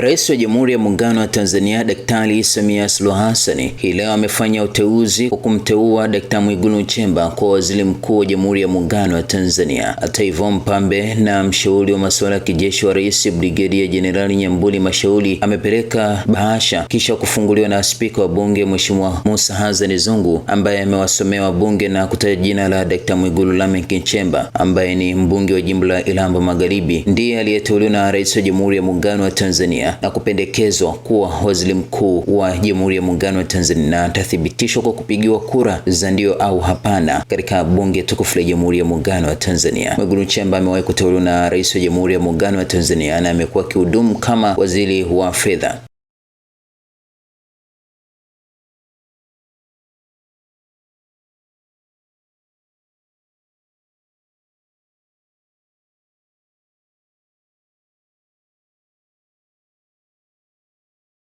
Rais wa Jamhuri ya Muungano wa Tanzania Daktari Samia Suluhu Hassan hii leo amefanya uteuzi wa kumteua Daktari Mwigulu Nchemba kuwa Waziri Mkuu wa Jamhuri ya Muungano wa Tanzania. Hata hivyo, mpambe na mshauri wa masuala ya kijeshi wa Rais Brigedia Jenerali Nyambuli Mashauri amepeleka bahasha kisha kufunguliwa na Spika wa Bunge Mheshimiwa Musa Hassan Zungu ambaye amewasomea wabunge na kutaja jina la Daktari Mwigulu Lameck Nchemba ambaye ni mbunge wa jimbo la Ilamba Magharibi ndiye aliyeteuliwa na Rais wa Jamhuri ya Muungano wa Tanzania. Tanzania na kupendekezwa kuwa waziri mkuu wa Jamhuri ya Muungano wa Tanzania na atathibitishwa kwa kupigiwa kura za ndio au hapana katika bunge tukufu la Jamhuri ya Muungano wa Tanzania. Mwigulu Nchemba amewahi kuteuliwa na Rais wa Jamhuri ya Muungano wa Tanzania na amekuwa akihudumu kama waziri wa fedha.